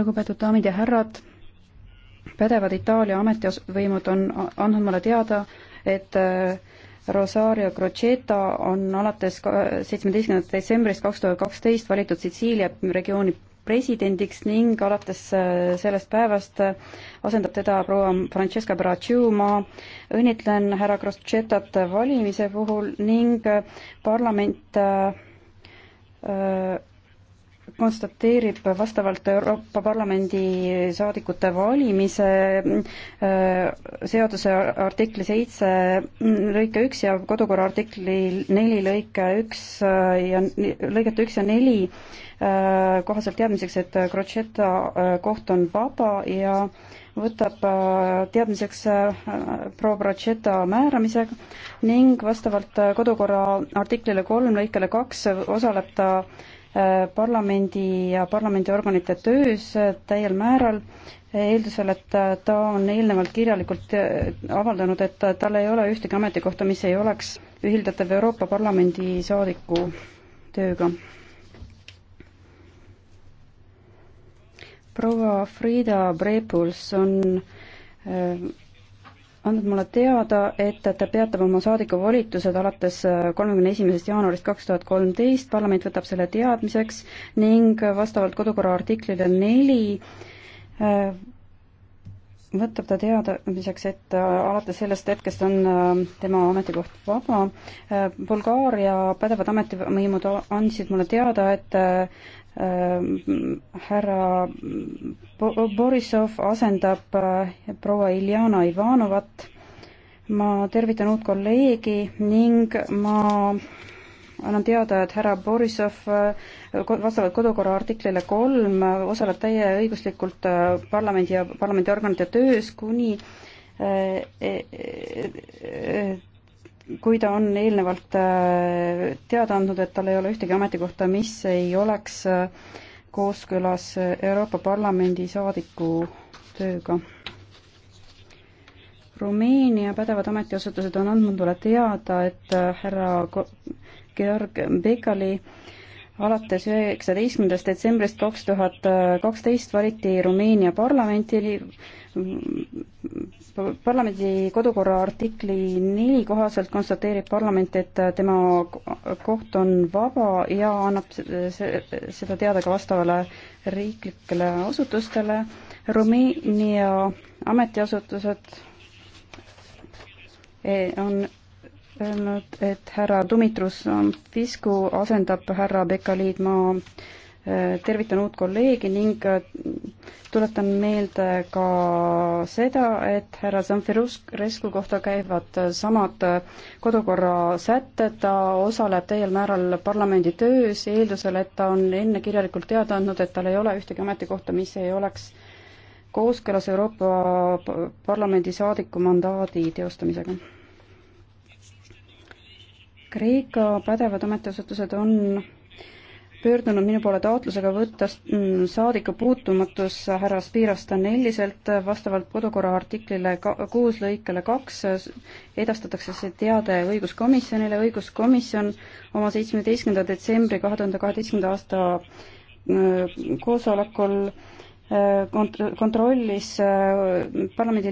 lugupeetud daamid ja härrad, pädevad Itaalia ametivõimud on andnud mulle teada, et äh, Rosario Crocetta on alates seitsmeteistkümnendast detsembrist kaks tuhat kaksteist valitud Sitsiilia regiooni presidendiks ning alates äh, sellest päevast äh, asendab teda proua Francesca Bracciuma. õnnitlen härra Crocettat valimise puhul ning parlament äh, konstateerib vastavalt Euroopa Parlamendi saadikute valimise äh, seaduse artikli seitse mm, lõike üks ja kodukorra artikli neli lõike üks äh, ja lõigete üks ja neli äh, kohaselt teadmiseks, et Crocetta koht on vaba ja võtab teadmiseks proua Crocetta määramise ning vastavalt kodukorra artiklile kolm lõikele kaks osaleb ta Äh, parlamendi ja parlamendiorganite töös täiel määral, eeldusel, et ta on eelnevalt kirjalikult äh, avaldanud, et tal ei ole ühtegi ametikohta, mis ei oleks ühildatav Euroopa Parlamendi saadiku tööga. proua Frieda Brepuls on äh, andnud mulle teada, et ta peatab oma saadikuvolitused alates äh, kolmekümne esimesest jaanuarist kaks tuhat kolmteist, parlament võtab selle teadmiseks ning vastavalt kodukorra artiklile neli äh, võtab ta teadmiseks, et äh, alates sellest hetkest on äh, tema ametikoht vaba. Äh, Bulgaaria pädevad ametivõimud andsid mulle teada, et härra Borisov asendab proua Iljana Ivanovat. ma tervitan uut kolleegi ning ma annan teada, et härra Borisov äh, vastavalt kodukorra artiklile kolm äh, osaleb täieõiguslikult äh, parlamendi ja parlamendiorganite töös kuni e, e, e, kui ta on eelnevalt teada andnud, et tal ei ole ühtegi ametikohta, mis ei oleks kooskõlas Euroopa Parlamendi saadiku tööga Rumeenia pädevad ametiasutused on andnud mulle teada, et äh, härra Georg Bekali alates üheksateistkümnendast detsembrist kaks tuhat äh, kaksteist valiti Rumeenia parlamenti, mm, parlamendi kodukorra artikli neli kohaselt konstateerib parlament, et äh, tema koht on vaba ja annab seda teada ka vastavale riiklikele asutustele. Rumeenia ametiasutused E, on öelnud, et härra Dumitrus Fisku asendab härra Bekaliid, ma e, tervitan uut kolleegi ning e, tuletan meelde ka seda, et härra Zamfirescu kohta käivad samad kodukorra sätted, ta osaleb täiel määral parlamendi töös eeldusel, et ta on enne kirjalikult teada andnud, et tal ei ole ühtegi ametikohta, mis ei oleks äh, kooskõlas Euroopa Parlamendi saadiku mandaadi teostamisega. Kreeka pädevad ametiasutused on pöördunud minu poole taotlusega võtta mm, saadiku puutumatus härra Spiros Danelliselt vastavalt kodukorra artiklile kuus lõikele kaks edastatakse see teade õiguskomisjonile, õiguskomisjon oma seitsmeteistkümnenda detsembri kahe tuhande kaheteistkümnenda aasta mm, koosolekul Äh, kont-, kontrollis äh, parlamendi